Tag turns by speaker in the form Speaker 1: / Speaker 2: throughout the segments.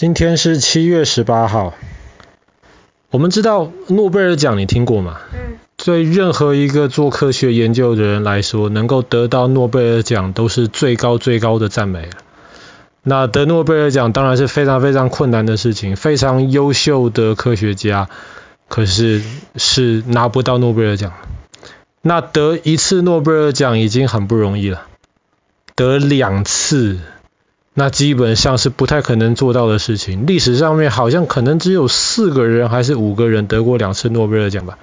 Speaker 1: 今天是七月十八號。我們知道諾貝爾獎，你聽過嗎？對任何一個做科學研究的人來說，能夠得到諾貝爾獎，都是最高最高的讚美了。那得諾貝爾獎當然是非常非常困難的事情，非常優秀的科學家，可是是拿不到諾貝爾獎。那得一次諾貝爾獎已經很不容易了，得兩次。那基本上是不太可能做到的事情。歷史上面好像可能只有四個人還是五個人得過兩次諾貝爾獎吧。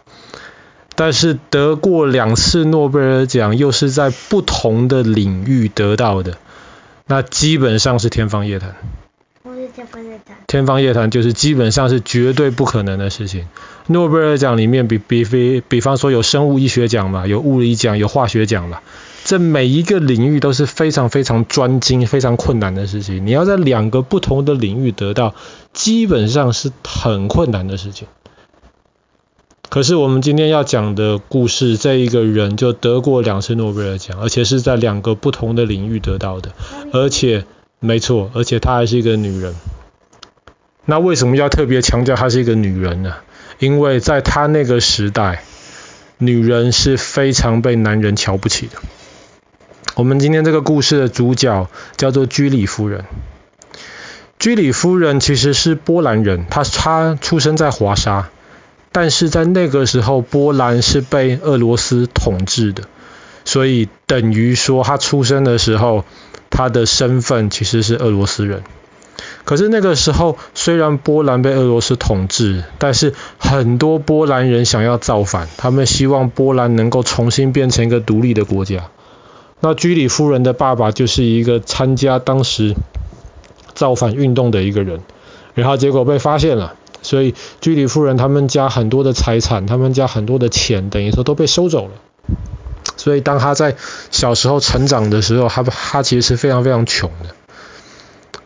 Speaker 1: 但是得過兩次諾貝爾獎又是在不同的領域得到的，那基本上是天方夜譚。天方夜譚，天方夜譚就是基本上是絕對不可能的事情。諾貝爾獎裡面比比非，比方說有生物醫學獎嘛，有物理獎，有化學獎嘛。這每一個領域都是非常非常專精、非常困難的事情。你要在兩個不同的領域得到，基本上是很困難的事情。可是我們今天要講的故事，這一個人就得過兩次諾貝爾獎，而且是在兩個不同的領域得到的。而且，沒錯，而且她還是一個女人。那為什麼要特別強調她是一個女人呢？因為在她那個時代，女人是非常被男人瞧不起的。我們今天這個故事的主角叫做居里夫人。居里夫人其實是波蘭人，她她出生在華沙，但是在那個時候，波蘭是被俄羅斯統治的，所以等於說她出生的時候，她的身份其實是俄羅斯人。可是那個時候，雖然波蘭被俄羅斯統治，但是很多波蘭人想要造反，他們希望波蘭能夠重新變成一個獨立的國家。那居里夫人的爸爸就是一個參加當時造反運動的一個人，然後結果被發現了，所以居里夫人他們家很多的財產，他們家很多的錢，等於說都被收走了。所以當他在小時候成長的時候，他他其實是非常非常窮的。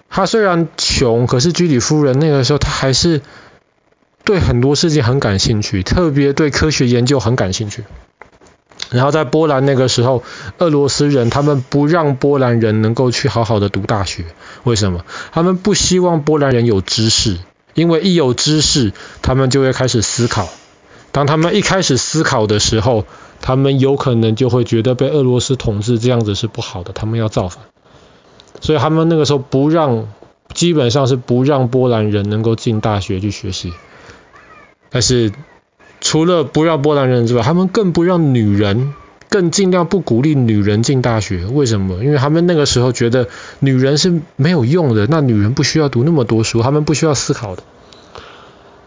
Speaker 1: 他雖然窮，可是居里夫人那個時候他還是對很多事情很感興趣，特別對科學研究很感興趣。然後在波蘭那個時候，俄羅斯人他們不讓波蘭人能夠去好好的讀大學。為什麼？他們不希望波蘭人有知識，因為一有知識，他們就會開始思考。當他們一開始思考的時候，他們有可能就會覺得被俄羅斯統治這樣子是不好的，他們要造反。所以他們那個時候不讓，基本上是不讓波蘭人能夠進大學去學習。但是除了不要波蘭人之外，他們更不讓女人，更盡量不鼓勵女人進大學。為什麼？因為他們那個時候覺得女人是沒有用的，那女人不需要讀那麼多書，他們不需要思考的。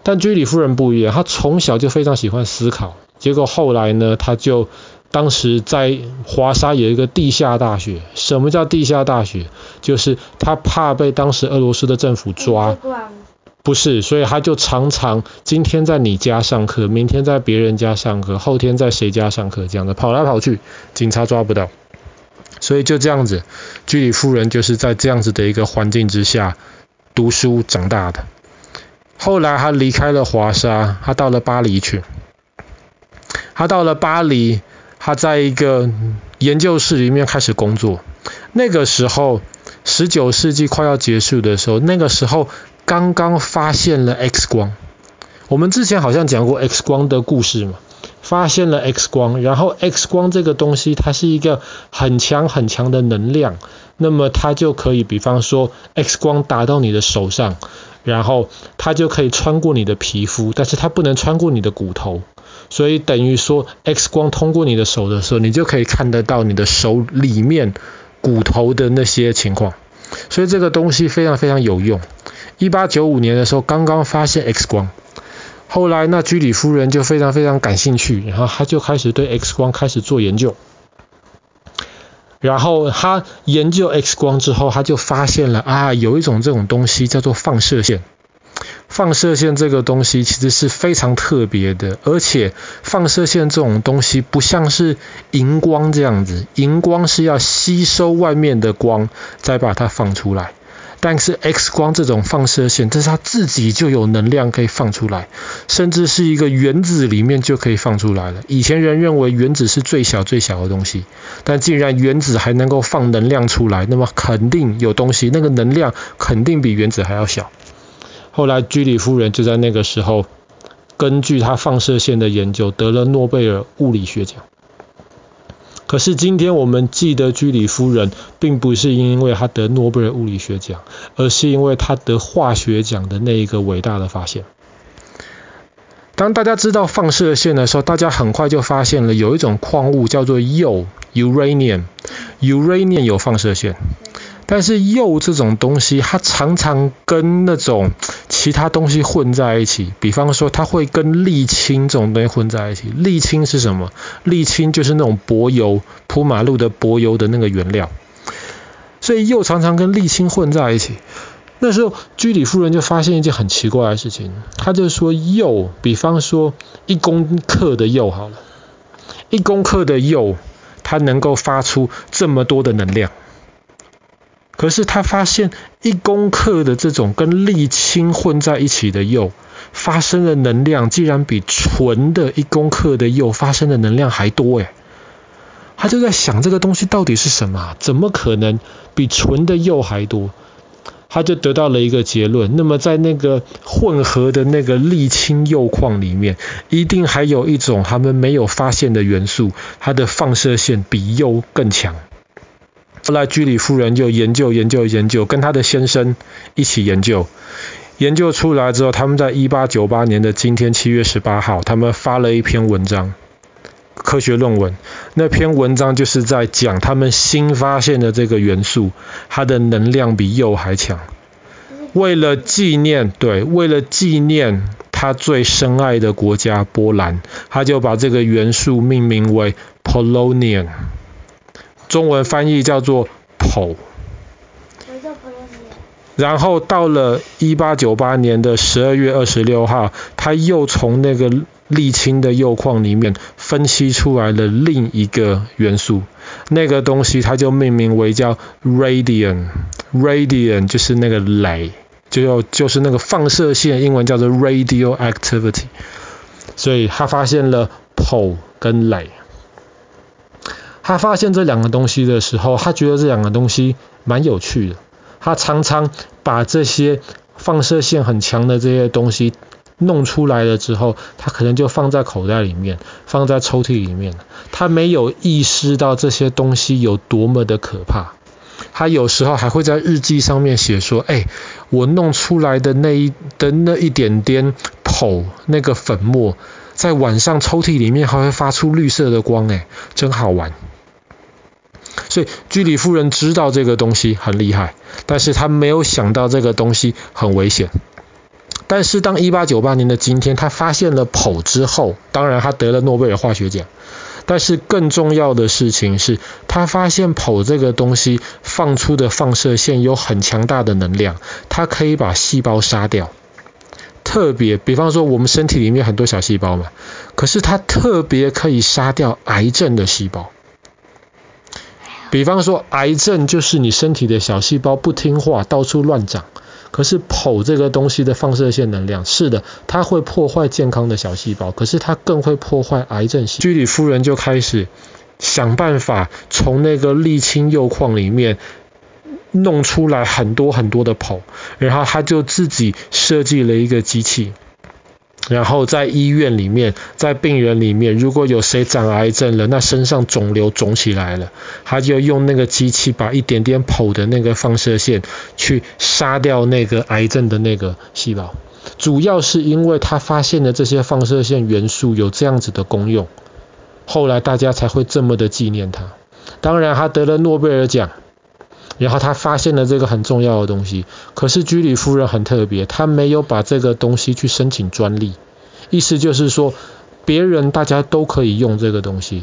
Speaker 1: 但居里夫人不一樣，她從小就非常喜歡思考。結果後來呢，她就當時在華沙有一個地下大學。什麼叫地下大學？就是她怕被當時俄羅斯的政府抓。不是，所以他就常常今天在你家上課，明天在別人家上課，後天在誰家上課，這樣的跑來跑去，警察抓不到。所以就這樣子，居里夫人就是在這樣子的一個環境之下讀書長大的。後來他離開了華沙，他到了巴黎去。他到了巴黎，他在一個研究室裡面開始工作。那個時候，十九世紀快要結束的時候，那個時候。剛剛發現了 X 光，我們之前好像講過 X 光的故事嘛。發現了 X 光，然後 X 光這個東西它是一個很強很強的能量，那麼它就可以，比方說 X 光打到你的手上，然後它就可以穿過你的皮膚，但是它不能穿過你的骨頭，所以等於說 X 光通過你的手的時候，你就可以看得到你的手裡面骨頭的那些情況，所以這個東西非常非常有用。一八九五年的時候，剛剛發現 X 光，後來那居里夫人就非常非常感興趣，然後她就開始對 X 光開始做研究。然後她研究 X 光之後，她就發現了啊，有一種這種東西叫做放射線。放射線這個東西其實是非常特別的，而且放射線這種東西不像是熒光這樣子，熒光是要吸收外面的光，再把它放出來。但是 X 光這種放射線，這是它自己就有能量可以放出來，甚至是一個原子裡面就可以放出來了。以前人認為原子是最小最小的東西，但既然原子還能夠放能量出來，那麼肯定有東西，那個能量肯定比原子還要小。後來居里夫人就在那個時候，根據她放射線的研究，得了諾貝爾物理學獎。可是今天我們記得居里夫人，並不是因為她得諾貝爾物理學獎，而是因為她得化學獎的那一個偉大的發現。當大家知道放射線的時候，大家很快就發現了有一種礦物叫做鈾 Uranium （Uranium），Uranium 有放射線。但是鈾這種東西，它常常跟那種其他東西混在一起，比方說，它會跟瀝青這種東西混在一起。瀝青是什麼？瀝青就是那種柏油鋪馬路的柏油的那個原料，所以鈾常常跟瀝青混在一起。那時候居里夫人就發現一件很奇怪的事情，她就說，鈾，比方說一公克的鈾好了，一公克的鈾它能夠發出這麼多的能量。可是他發現，一公克的這種跟瀝青混在一起的鈾，發生的能量竟然比純的一公克的鈾發生的能量還多哎！他就在想這個東西到底是什麼？怎麼可能比純的鈾還多？他就得到了一個結論：那麼在那個混合的那個瀝青鈾礦裡面，一定還有一種他們沒有發現的元素，它的放射線比鈾更強。後來居里夫人就研究研究研究，跟她的先生一起研究，研究出來之後，他們在1898年的今天7月18號，他們發了一篇文章，科學論文。那篇文章就是在講他們新發現的這個元素，它的能量比鈾還強。為了紀念，對，為了紀念他最深愛的國家波蘭，他就把這個元素命名為 Polonium。中文翻譯叫做釙。然後到了1898年的12月26號，他又從那個瀝青的鈾礦裡面分析出來了另一個元素，那個東西他就命名為叫 radium，radium 就是那個鐳，就就是那個放射線，英文叫做 radioactivity。所以他發現了釙跟鐳。他發現這兩個東西的時候，他覺得這兩個東西蠻有趣的。他常常把這些放射性很強的這些東西弄出來了之後，他可能就放在口袋裡面，放在抽屜裡面。他沒有意識到這些東西有多麼的可怕。他有時候還會在日記上面寫說：“哎、欸，我弄出來的那一的那一點點釙那個粉末，在晚上抽屜裡面還會發出綠色的光、欸，哎，真好玩。”所以居里夫人知道這個東西很厲害，但是她沒有想到這個東西很危險。但是當1898年的今天，她發現了釙之後，當然她得了諾貝爾化學獎。但是更重要的事情是她發現釙這個東西放出的放射線有很強大的能量，它可以把細胞殺掉。特別，比方說我們身體裡面很多小細胞嘛，可是它特別可以殺掉癌症的細胞。比方說，癌症就是你身體的小細胞不聽話，到處亂長。可是釙這個東西的放射線能量，是的，它會破壞健康的小細胞，可是它更會破壞癌症。居里夫人就開始想辦法從那個瀝青鈾礦裡面弄出來很多很多的釙，然後她就自己設計了一個機器。然後在醫院裡面，在病人裡面，如果有誰長癌症了，那身上腫瘤腫起來了，他就用那個機器把一點點剖的那個放射線去殺掉那個癌症的那個細胞。主要是因為他發現了這些放射線元素有這樣子的功用，後來大家才會這麼的紀念他。當然，他得了諾貝爾獎。然後她發現了這個很重要的東西，可是居里夫人很特別，她沒有把這個東西去申請專利，意思就是說別人大家都可以用這個東西。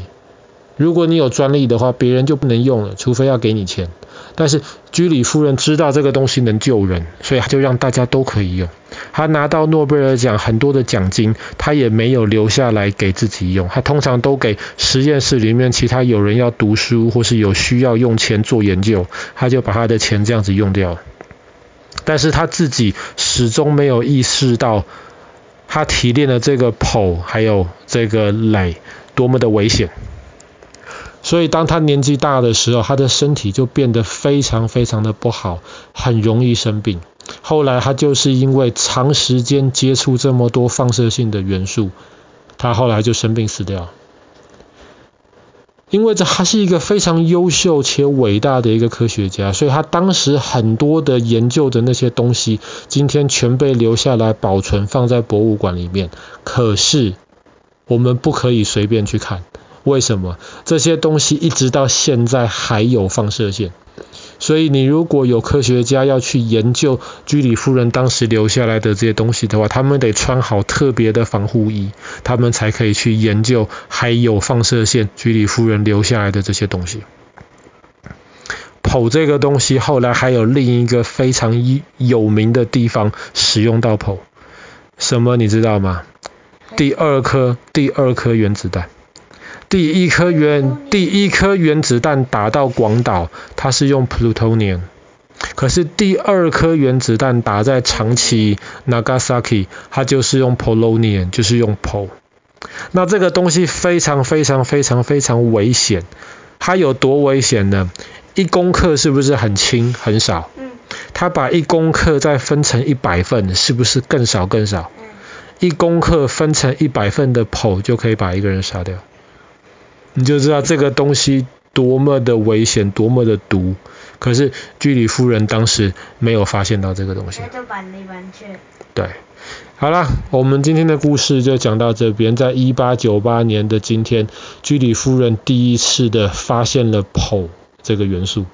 Speaker 1: 如果你有專利的話，別人就不能用了，除非要給你錢。但是居里夫人知道這個東西能救人，所以她就讓大家都可以用。他拿到諾貝爾獎很多的獎金，他也沒有留下來給自己用，他通常都給實驗室裡面其他有人要讀書，或是有需要用錢做研究，他就把他的錢這樣子用掉。但是他自己始終沒有意識到，他提煉的這個钋還有這個鐳多麼的危險。所以當他年紀大的時候，他的身體就變得非常非常的不好，很容易生病。後來他就是因為長時間接觸這麼多放射性的元素，他後來就生病死掉，因為這他是一個非常優秀且偉大的一個科學家，所以他當時很多的研究的那些東西，今天全被留下來保存放在博物館裡面。可是我們不可以隨便去看，為什麼？這些東西一直到現在還有放射線。所以你如果有科學家要去研究居里夫人當時留下來的這些東西的話，他們得穿好特別的防護衣，他們才可以去研究還有放射線居里夫人留下來的這些東西。釙這個東西後來還有另一個非常有名的地方使用到釙，什麼你知道嗎？第二顆第二顆原子彈。第一顆原第一顆原子彈打到廣島，它是用 plutonium，可是第二顆原子彈打在長崎 Nagasaki，它就是用 polonium，就是用 Po。那這個東西非常非常非常非常危險。它有多危險呢？一公克是不是很輕很少？它把一公克再分成一百份，是不是更少更少？一公克分成一百份的 Po 就可以把一個人殺掉。你就知道這個東西多麼的危險，多麼的毒。可是居里夫人當時沒有發現到這個東西。就把你去。對，好了，嗯，我們今天的故事就講到這邊。在1898年的今天，居里夫人第一次的發現了釙這個元素。